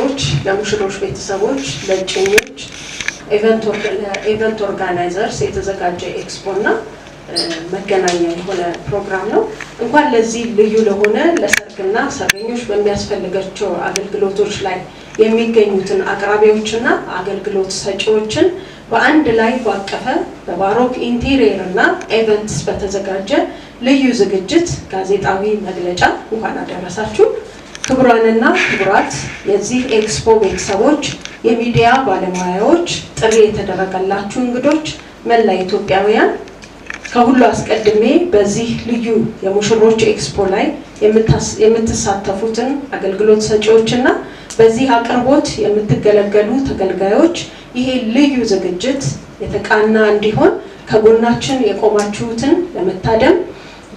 ለሚዜዎች፣ ለሙሽሮች ቤተሰቦች፣ ለብቸኞች፣ ኢቨንት ኦርጋናይዘርስ የተዘጋጀ ኤክስፖ እና መገናኛ የሆነ ፕሮግራም ነው። እንኳን ለዚህ ልዩ ለሆነ ለሰርግና ሰርገኞች በሚያስፈልጋቸው አገልግሎቶች ላይ የሚገኙትን አቅራቢዎችና አገልግሎት ሰጪዎችን በአንድ ላይ ባቀፈ በባሮክ ኢንቴሪየር እና ኤቨንትስ በተዘጋጀ ልዩ ዝግጅት ጋዜጣዊ መግለጫ እንኳን አደረሳችሁ። ክቡራንና ክቡራት የዚህ ኤክስፖ ቤተሰቦች፣ የሚዲያ ባለሙያዎች፣ ጥሪ የተደረገላችሁ እንግዶች፣ መላ ኢትዮጵያውያን ከሁሉ አስቀድሜ በዚህ ልዩ የሙሽሮች ኤክስፖ ላይ የምትሳተፉትን አገልግሎት ሰጪዎችና በዚህ አቅርቦት የምትገለገሉ ተገልጋዮች ይሄ ልዩ ዝግጅት የተቃና እንዲሆን ከጎናችን የቆማችሁትን ለመታደም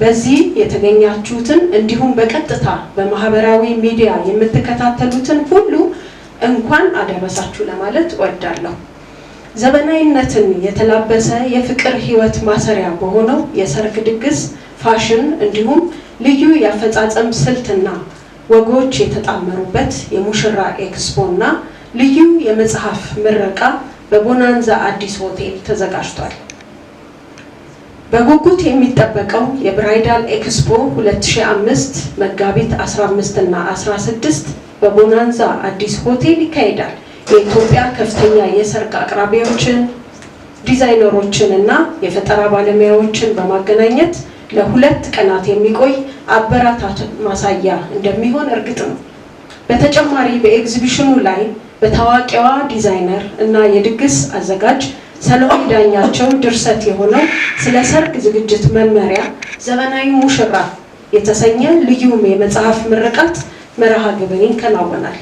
በዚህ የተገኛችሁትን እንዲሁም በቀጥታ በማህበራዊ ሚዲያ የምትከታተሉትን ሁሉ እንኳን አደረሳችሁ ለማለት እወዳለሁ። ዘመናዊነትን የተላበሰ የፍቅር ህይወት ማሰሪያ በሆነው የሰርግ ድግስ ፋሽን እንዲሁም ልዩ የአፈጻጸም ስልትና ወጎች የተጣመሩበት የሙሽራ ኤክስፖ እና ልዩ የመጽሐፍ ምረቃ በቦናንዛ አዲስ ሆቴል ተዘጋጅቷል። በጉጉት የሚጠበቀው የብራይዳል ኤክስፖ 2005 መጋቢት 15 እና 16 በቦናንዛ አዲስ ሆቴል ይካሄዳል። የኢትዮጵያ ከፍተኛ የሰርግ አቅራቢዎችን፣ ዲዛይነሮችን እና የፈጠራ ባለሙያዎችን በማገናኘት ለሁለት ቀናት የሚቆይ አበራታች ማሳያ እንደሚሆን እርግጥ ነው። በተጨማሪ በኤግዚቢሽኑ ላይ በታዋቂዋ ዲዛይነር እና የድግስ አዘጋጅ ሰሎሜ ዳኛቸው ድርሰት የሆነው ስለ ሰርግ ዝግጅት መመሪያ ዘመናዊ ሙሽራ የተሰኘ ልዩም የመጽሐፍ ምርቃት መርሃ ግብር ይከናወናል።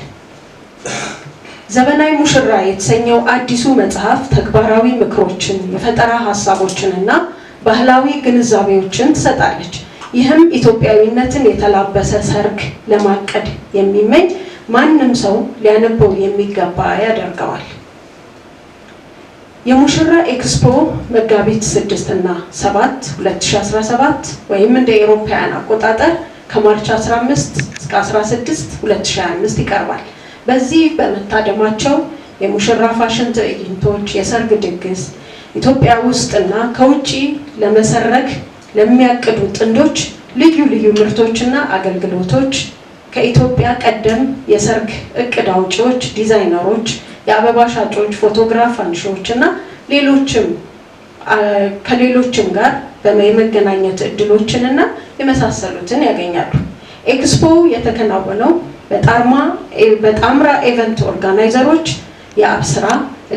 ዘመናዊ ሙሽራ የተሰኘው አዲሱ መጽሐፍ ተግባራዊ ምክሮችን፣ የፈጠራ ሀሳቦችን እና ባህላዊ ግንዛቤዎችን ትሰጣለች። ይህም ኢትዮጵያዊነትን የተላበሰ ሰርግ ለማቀድ የሚመኝ ማንም ሰው ሊያነበው የሚገባ ያደርገዋል። የሙሽራ ኤክስፖ መጋቢት 6 እና 7 2017 ወይም እንደ ኤሮፓያን አቆጣጠር ከማርች 15 እስከ 16 2025 ይቀርባል። በዚህ በመታደማቸው የሙሽራ ፋሽን ትዕይንቶች፣ የሰርግ ድግስ ኢትዮጵያ ውስጥ እና ከውጭ ለመሰረግ ለሚያቅዱ ጥንዶች ልዩ ልዩ ምርቶችና አገልግሎቶች ከኢትዮጵያ ቀደም የሰርግ እቅድ አውጪዎች፣ ዲዛይነሮች የአበባ ሻጮች፣ ፎቶግራፍ አንሺዎች እና ሌሎችም ከሌሎችም ጋር የመገናኘት እድሎችን እና የመሳሰሉትን ያገኛሉ። ኤክስፖ የተከናወነው በጣምራ ኤቨንት ኦርጋናይዘሮች የአብስራ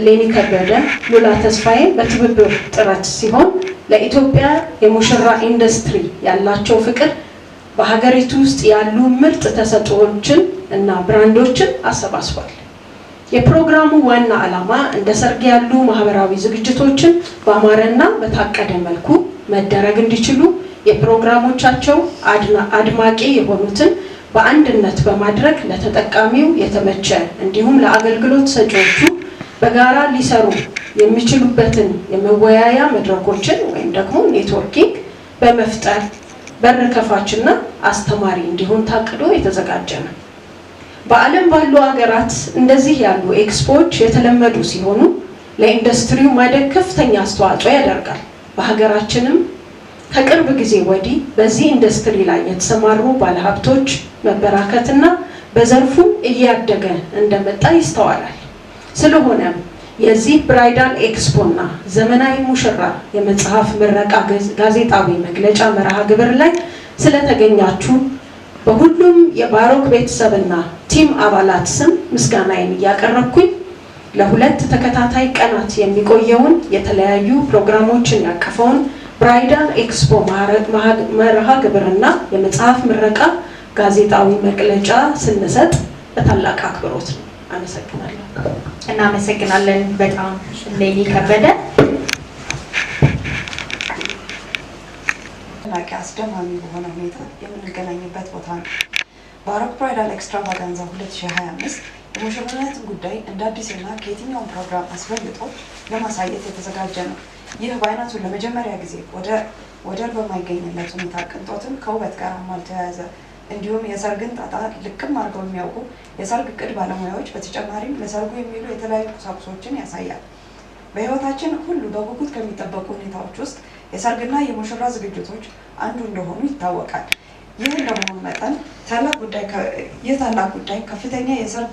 ሌኒ ከበደ፣ ሉላ ተስፋዬ በትብብር ጥረት ሲሆን ለኢትዮጵያ የሙሽራ ኢንዱስትሪ ያላቸው ፍቅር በሀገሪቱ ውስጥ ያሉ ምርጥ ተሰጥኦዎችን እና ብራንዶችን አሰባስቧል። የፕሮግራሙ ዋና ዓላማ እንደ ሰርግ ያሉ ማህበራዊ ዝግጅቶችን በአማረና በታቀደ መልኩ መደረግ እንዲችሉ የፕሮግራሞቻቸው አድማቂ የሆኑትን በአንድነት በማድረግ ለተጠቃሚው የተመቸ እንዲሁም ለአገልግሎት ሰጪዎቹ በጋራ ሊሰሩ የሚችሉበትን የመወያያ መድረኮችን ወይም ደግሞ ኔትወርኪንግ በመፍጠር በር ከፋችና አስተማሪ እንዲሆን ታቅዶ የተዘጋጀ ነው። በዓለም ባሉ ሀገራት እንደዚህ ያሉ ኤክስፖዎች የተለመዱ ሲሆኑ ለኢንዱስትሪው ማደግ ከፍተኛ አስተዋጽኦ ያደርጋል። በሀገራችንም ከቅርብ ጊዜ ወዲህ በዚህ ኢንዱስትሪ ላይ የተሰማሩ ባለሀብቶች መበራከትና በዘርፉ እያደገ እንደመጣ ይስተዋላል። ስለሆነም የዚህ ብራይዳል ኤክስፖና ዘመናዊ ሙሽራ የመጽሐፍ ምረቃ ጋዜጣዊ መግለጫ መርሃ ግብር ላይ ስለተገኛችሁ በሁሉም የባሮክ ቤተሰብና ቲም አባላት ስም ምስጋናዬን እያቀረብኩኝ ለሁለት ተከታታይ ቀናት የሚቆየውን የተለያዩ ፕሮግራሞችን ያቀፈውን ብራይዳል ኤክስፖ መርሃ ግብርና የመጽሐፍ ምረቃ ጋዜጣዊ መግለጫ ስንሰጥ በታላቅ አክብሮት ነው። አመሰግናለሁ። እናመሰግናለን በጣም ሌሊ ከበደ። አስደናቂ አስደማሚ በሆነ ሁኔታ የምንገናኝበት ቦታ ነው። በአረብ ብራይዳል ኤክስትራቫጋንዛ 2025 የሙሽርነትን ጉዳይ እንደ አዲስና ከየትኛውን ፕሮግራም አስበልጦ ለማሳየት የተዘጋጀ ነው። ይህ በአይነቱ ለመጀመሪያ ጊዜ ወደር በማይገኝለት ሁኔታ ቅንጦትን ከውበት ጋር አሟልቶ የያዘ እንዲሁም የሰርግን ጣጣ ልቅም አድርገው የሚያውቁ የሰርግ እቅድ ባለሙያዎች በተጨማሪም ለሰርጉ የሚሉ የተለያዩ ቁሳቁሶችን ያሳያል። በህይወታችን ሁሉ በጉጉት ከሚጠበቁ ሁኔታዎች ውስጥ የሰርግና የሙሽራ ዝግጅቶች አንዱ እንደሆኑ ይታወቃል። ይህ እንደመሆኑ መጠን ይህ ታላቅ ጉዳይ ከፍተኛ የሰርግ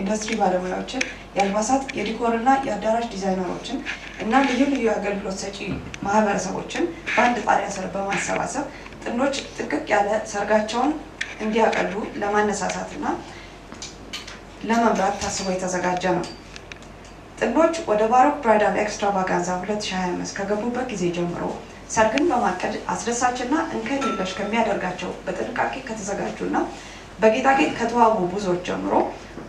ኢንዱስትሪ ባለሙያዎችን፣ የአልባሳት፣ የዲኮርና የአዳራሽ ዲዛይነሮችን እና ልዩ ልዩ የአገልግሎት ሰጪ ማህበረሰቦችን በአንድ ጣሪያ ስር በማሰባሰብ ጥንዶች ጥንቅቅ ያለ ሰርጋቸውን እንዲያቀሉ ለማነሳሳትና ለመምራት ታስቦ የተዘጋጀ ነው። ጥንዶች ወደ ባሮክ ብራይዳል ኤክስትራቫጋንዛ 2025 ከገቡበት ጊዜ ጀምሮ ሰርግን በማቀድ አስደሳችና እንከን የለሽ ከሚያደርጋቸው በጥንቃቄ ከተዘጋጁና በጌጣጌጥ ከተዋቡ ብዙዎች ጀምሮ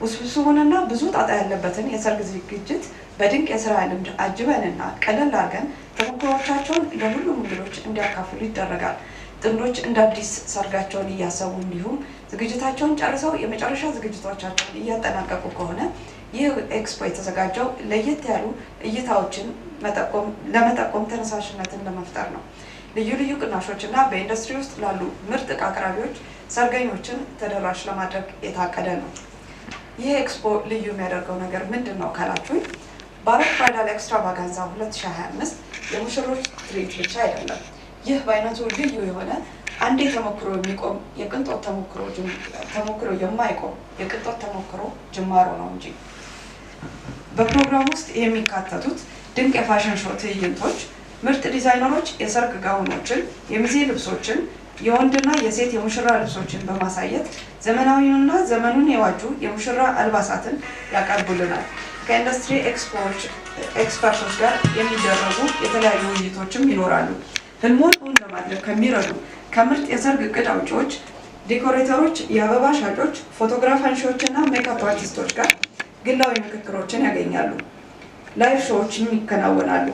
ውስብስቡንና ብዙ ጣጣ ያለበትን የሰርግ ዝግጅት በድንቅ የስራ ልምድ አጅበንና ቀለል አድርገን ተሞክሮቻቸውን ለሁሉም እንግዶች እንዲያካፍሉ ይደረጋል። ጥንዶች እንደ አዲስ ሰርጋቸውን እያሰቡ እንዲሁም ዝግጅታቸውን ጨርሰው የመጨረሻ ዝግጅቶቻቸውን እያጠናቀቁ ከሆነ ይህ ኤክስፖ የተዘጋጀው ለየት ያሉ እይታዎችን ለመጠቆም ተነሳሽነትን ለመፍጠር ነው። ልዩ ልዩ ቅናሾችና በኢንዱስትሪ ውስጥ ላሉ ምርጥ እቃ አቅራቢዎች፣ ሰርገኞችን ተደራሽ ለማድረግ የታቀደ ነው። ይህ ኤክስፖ ልዩ የሚያደርገው ነገር ምንድን ነው ካላችሁኝ፣ ባሮክ ብራይዳል ኤክስትራቫጋንዛ 2025 የሙሽሮች ትርኢት ብቻ አይደለም። ይህ በአይነቱ ልዩ የሆነ አንዴ ተሞክሮ የሚቆም የቅንጦት ተሞክሮ የማይቆም የቅንጦት ተሞክሮ ጅማሮ ነው እንጂ በፕሮግራም ውስጥ የሚካተቱት ድንቅ የፋሽን ሾው ትዕይንቶች ምርጥ ዲዛይነሮች የሰርግ ጋውኖችን፣ የሚዜ ልብሶችን፣ የወንድና የሴት የሙሽራ ልብሶችን በማሳየት ዘመናዊውንና ዘመኑን የዋጁ የሙሽራ አልባሳትን ያቀርቡልናል። ከኢንዱስትሪ ኤክስፐርቶች ጋር የሚደረጉ የተለያዩ ውይይቶችም ይኖራሉ። ህልሞን እውን ለማድረግ ከሚረዱ ከምርጥ የሰርግ እቅድ አውጪዎች፣ የአበባ ሻጮች፣ ፎቶግራፍ አንሺዎችና ሜካፕ አርቲስቶች ጋር ግላዊ ምክክሮችን ያገኛሉ። ላይቭ ሾዎችም ይከናወናሉ።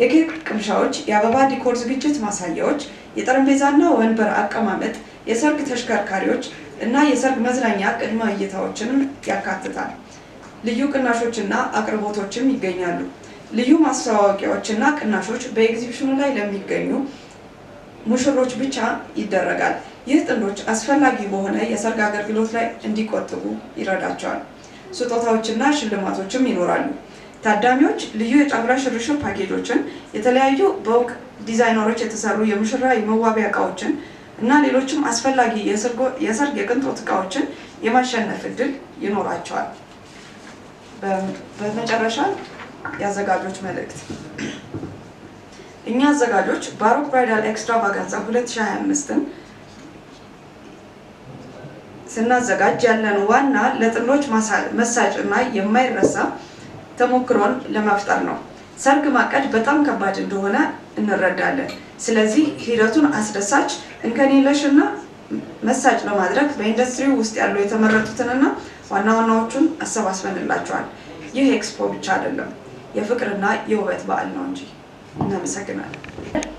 የኬክ ቅምሻዎች፣ የአበባ ዲኮር ዝግጅት ማሳያዎች፣ የጠረጴዛና ወንበር አቀማመጥ፣ የሰርግ ተሽከርካሪዎች እና የሰርግ መዝናኛ ቅድመ እይታዎችንም ያካትታል። ልዩ ቅናሾችና አቅርቦቶችም ይገኛሉ። ልዩ ማስተዋወቂያዎችና ቅናሾች በኤግዚቢሽኑ ላይ ለሚገኙ ሙሽሮች ብቻ ይደረጋል። ይህ ጥንዶች አስፈላጊ በሆነ የሰርግ አገልግሎት ላይ እንዲቆጥቡ ይረዳቸዋል። ስጦታዎችና ሽልማቶችም ይኖራሉ። ታዳሚዎች ልዩ የጫጉላ ሽርሽር ፓኬጆችን፣ የተለያዩ በውቅ ዲዛይነሮች የተሰሩ የሙሽራ የመዋቢያ እቃዎችን እና ሌሎችም አስፈላጊ የሰርግ የቅንጦት እቃዎችን የማሸነፍ እድል ይኖራቸዋል። በመጨረሻ የአዘጋጆች መልእክት፣ እኛ አዘጋጆች ባሮክ ብራይዳል ኤክስትራቫጋንዛ 2025ን ስናዘጋጅ ያለን ዋና ለጥንዶች መሳጭና የማይረሳ ተሞክሮን ለመፍጠር ነው። ሰርግ ማቀድ በጣም ከባድ እንደሆነ እንረዳለን። ስለዚህ ሂደቱን አስደሳች፣ እንከን መሳጭ ለማድረግ በኢንዱስትሪ ውስጥ ያሉ የተመረጡትንና ዋና ዋናዎቹን አሰባስበንላቸዋል። ይህ ኤክስፖ ብቻ አይደለም፣ የፍቅርና የውበት በዓል ነው እንጂ። እናመሰግናለን።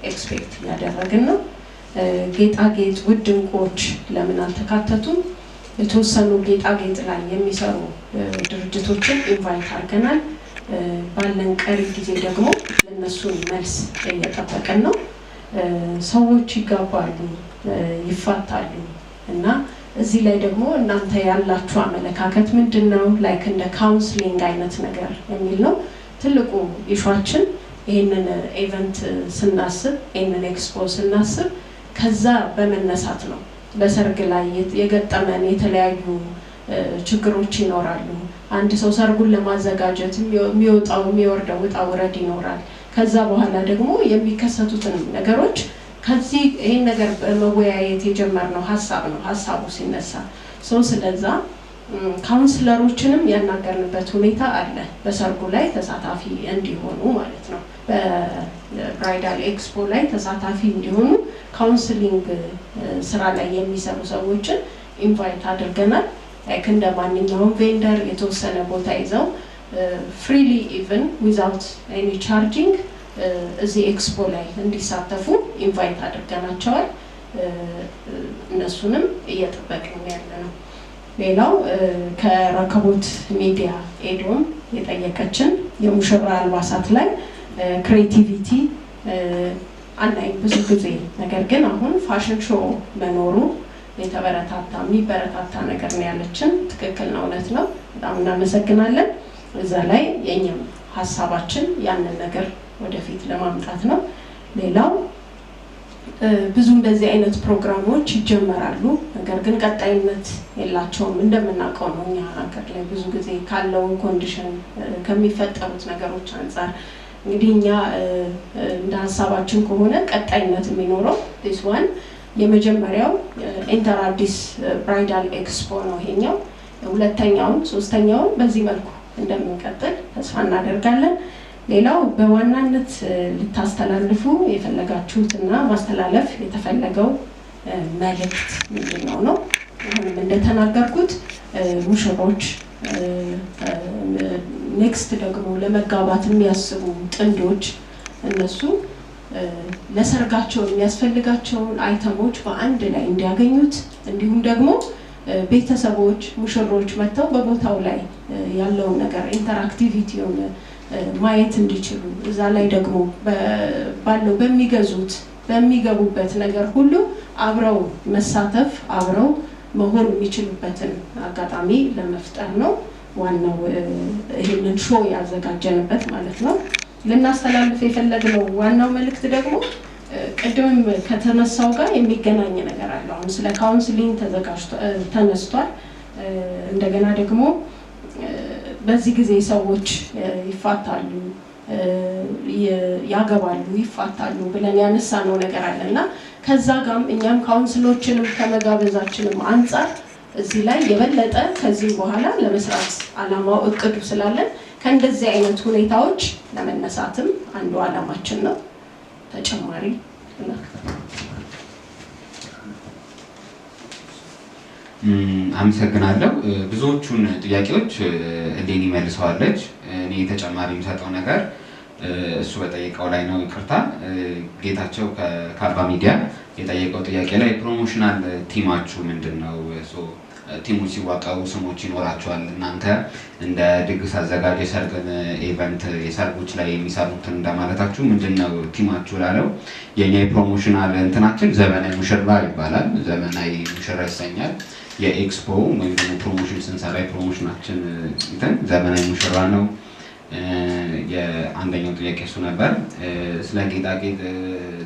ኤክስፔክት እያደረግን ነው። ጌጣጌጥ፣ ውድ እንቁዎች ለምን አልተካተቱም? የተወሰኑ ጌጣጌጥ ላይ የሚሰሩ ድርጅቶችን ኢንቫይት አድርገናል። ባለን ቀሪ ጊዜ ደግሞ ለእነሱን መልስ እየጠበቀን ነው። ሰዎች ይጋባሉ፣ ይፋታሉ እና እዚህ ላይ ደግሞ እናንተ ያላችሁ አመለካከት ምንድን ነው? ላይክ እንደ ካውንስሊንግ አይነት ነገር የሚል ነው ትልቁ ኢሿችን። ይህንን ኢቨንት ስናስብ፣ ይህንን ኤክስፖ ስናስብ ከዛ በመነሳት ነው በሰርግ ላይ የገጠመን የተለያዩ ችግሮች ይኖራሉ። አንድ ሰው ሰርጉን ለማዘጋጀት የሚወጣው የሚወርደው ውጣ ውረድ ይኖራል። ከዛ በኋላ ደግሞ የሚከሰቱትን ነገሮች ከዚህ ይህን ነገር በመወያየት የጀመርነው ሀሳብ ነው ሀሳቡ ሲነሳ ሰው ስለዛ ካውንስለሮችንም ያናገርንበት ሁኔታ አለ። በሰርጉ ላይ ተሳታፊ እንዲሆኑ ማለት ነው። በብራይዳል ኤክስፖ ላይ ተሳታፊ እንዲሆኑ ካውንስሊንግ ስራ ላይ የሚሰሩ ሰዎችን ኢንቫይት አድርገናል። ላይክ እንደ ማንኛውም ቬንደር የተወሰነ ቦታ ይዘው ፍሪሊ ኢቨን ዊዛውት ኤኒ ቻርጂንግ እዚህ ኤክስፖ ላይ እንዲሳተፉ ኢንቫይት አድርገናቸዋል። እነሱንም እየጠበቅን ያለ ነው። ሌላው ከረከቦት ሚዲያ ኤዶም የጠየቀችን የሙሽራ አልባሳት ላይ ክሬቲቪቲ አናይም ብዙ ጊዜ። ነገር ግን አሁን ፋሽን ሾው መኖሩ የተበረታታ የሚበረታታ ነገር ነው ያለችን። ትክክል ነው፣ እውነት ነው። በጣም እናመሰግናለን። እዛ ላይ የእኛም ሀሳባችን ያንን ነገር ወደፊት ለማምጣት ነው። ሌላው ብዙ እንደዚህ አይነት ፕሮግራሞች ይጀመራሉ፣ ነገር ግን ቀጣይነት የላቸውም። እንደምናውቀው ነው እኛ ሀገር ላይ ብዙ ጊዜ ካለው ኮንዲሽን ከሚፈጠሩት ነገሮች አንጻር እንግዲህ እኛ እንደ ሀሳባችን ከሆነ ቀጣይነት የሚኖረው ስ ዋን የመጀመሪያው ኢንተር አዲስ ብራይዳል ኤክስፖ ነው ይሄኛው። ሁለተኛውን ሶስተኛውን በዚህ መልኩ እንደምንቀጥል ተስፋ እናደርጋለን። ሌላው በዋናነት ልታስተላልፉ የፈለጋችሁትና ማስተላለፍ የተፈለገው መልእክት ምንድነው ነው? አሁንም እንደተናገርኩት ሙሽሮች፣ ኔክስት ደግሞ ለመጋባት የሚያስቡ ጥንዶች እነሱ ለሰርጋቸው የሚያስፈልጋቸውን አይተሞች በአንድ ላይ እንዲያገኙት እንዲሁም ደግሞ ቤተሰቦች ሙሽሮች መጥተው በቦታው ላይ ያለውን ነገር የሆነ ማየት እንዲችሉ እዛ ላይ ደግሞ ባለው በሚገዙት በሚገቡበት ነገር ሁሉ አብረው መሳተፍ አብረው መሆን የሚችሉበትን አጋጣሚ ለመፍጠር ነው ዋናው ይህንን ሾ ያዘጋጀንበት ማለት ነው። ልናስተላልፍ የፈለግነው ዋናው መልእክት ደግሞ ቅድምም ከተነሳው ጋር የሚገናኝ ነገር አለው። አሁን ስለ ካውንስሊንግ ተነስቷል። እንደገና ደግሞ በዚህ ጊዜ ሰዎች ይፋታሉ፣ ያገባሉ፣ ይፋታሉ ብለን ያነሳነው ነገር አለ እና ከዛ ጋም እኛም ካውንስሎችንም ከመጋበዛችንም አንጻር እዚህ ላይ የበለጠ ከዚህ በኋላ ለመስራት አላማው እቅዱ ስላለን ከእንደዚህ አይነት ሁኔታዎች ለመነሳትም አንዱ አላማችን ነው። ተጨማሪ አመሰግናለሁ። ብዙዎቹን ጥያቄዎች ህሌን መልሰዋለች። እኔ ተጨማሪ የሚሰጠው ነገር እሱ በጠየቀው ላይ ነው። ይቅርታ ጌታቸው ከካባ ሚዲያ የጠየቀው ጥያቄ ላይ ፕሮሞሽናል ቲማችሁ ምንድን ነው? ቲሙ ሲዋቀሩ ስሞች ይኖራቸዋል። እናንተ እንደ ድግስ አዘጋጅ የሰርግን ኢቨንት የሰርጎች ላይ የሚሰሩትን እንደማለታችሁ ምንድን ነው ቲማችሁ ላለው የኛ የፕሮሞሽናል እንትናችን ዘመናዊ ሙሽራ ይባላል። ዘመናዊ ሙሽራ ይሰኛል። የኤክስፖ ወይም ደግሞ ፕሮሞሽን ስንሰራ የፕሮሞሽናችን እንትን ዘመናዊ ሙሽራ ነው። የአንደኛው ጥያቄ እሱ ነበር። ስለ ጌጣጌጥ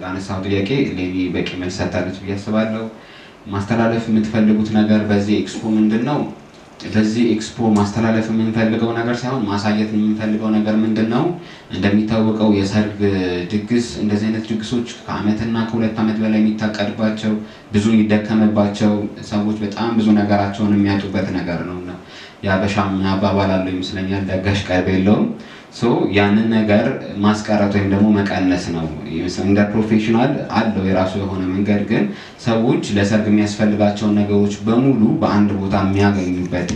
ላነሳው ጥያቄ ሌሊ በቂ መልስ ሰጥታለች ብዬ አስባለሁ። ማስተላለፍ የምትፈልጉት ነገር በዚህ ኤክስፖ ምንድን ነው? በዚህ ኤክስፖ ማስተላለፍ የምንፈልገው ነገር ሳይሆን ማሳየት የምንፈልገው ነገር ምንድን ነው? እንደሚታወቀው የሰርግ ድግስ፣ እንደዚህ አይነት ድግሶች ከአመትና ከሁለት አመት በላይ የሚታቀድባቸው ብዙ የሚደከምባቸው ሰዎች በጣም ብዙ ነገራቸውን የሚያጡበት ነገር ነው የአበሻም አባባል አለው ይመስለኛል፣ ለጋሽ ቀልብ የለውም። ያንን ነገር ማስቀረት ወይም ደግሞ መቀነስ ነው። እንደ ፕሮፌሽናል አለው የራሱ የሆነ መንገድ፣ ግን ሰዎች ለሰርግ የሚያስፈልጋቸውን ነገሮች በሙሉ በአንድ ቦታ የሚያገኙበት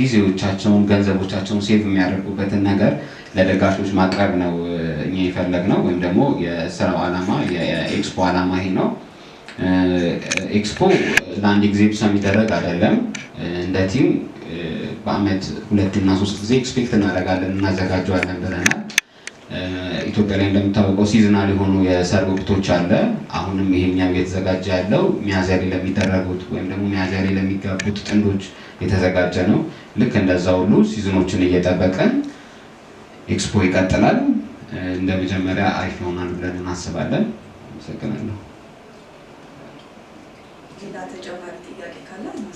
ጊዜዎቻቸውን፣ ገንዘቦቻቸውን ሴቭ የሚያደርጉበትን ነገር ለደጋፊዎች ማቅረብ ነው እኛ የፈለግ ነው ወይም ደግሞ የስራው ዓላማ የኤክስፖ ዓላማ ይሄ ነው። ኤክስፖ ለአንድ ብቻ የሚደረግ አይደለም እንደ ቲም በአመት ሁለት እና ሶስት ጊዜ ኤክስፔክት እናደርጋለን እናዘጋጀዋለን ብለናል። ኢትዮጵያ ላይ እንደሚታወቀው ሲዝናል የሆኑ የሰርግ ወቅቶች አለ። አሁንም ይሄኛው እየተዘጋጀ ያለው ሚያዘሪ ለሚደረጉት ወይም ደግሞ ሚያዝያ ለሚጋቡት ጥንዶች የተዘጋጀ ነው። ልክ እንደዛ ሁሉ ሲዝኖችን እየጠበቀን ኤክስፖ ይቀጥላል። እንደ መጀመሪያ አሪፍ ይሆናል ብለን እናስባለን። አመሰግናለሁ። ሌላ ተጨማሪ ጥያቄ ካለ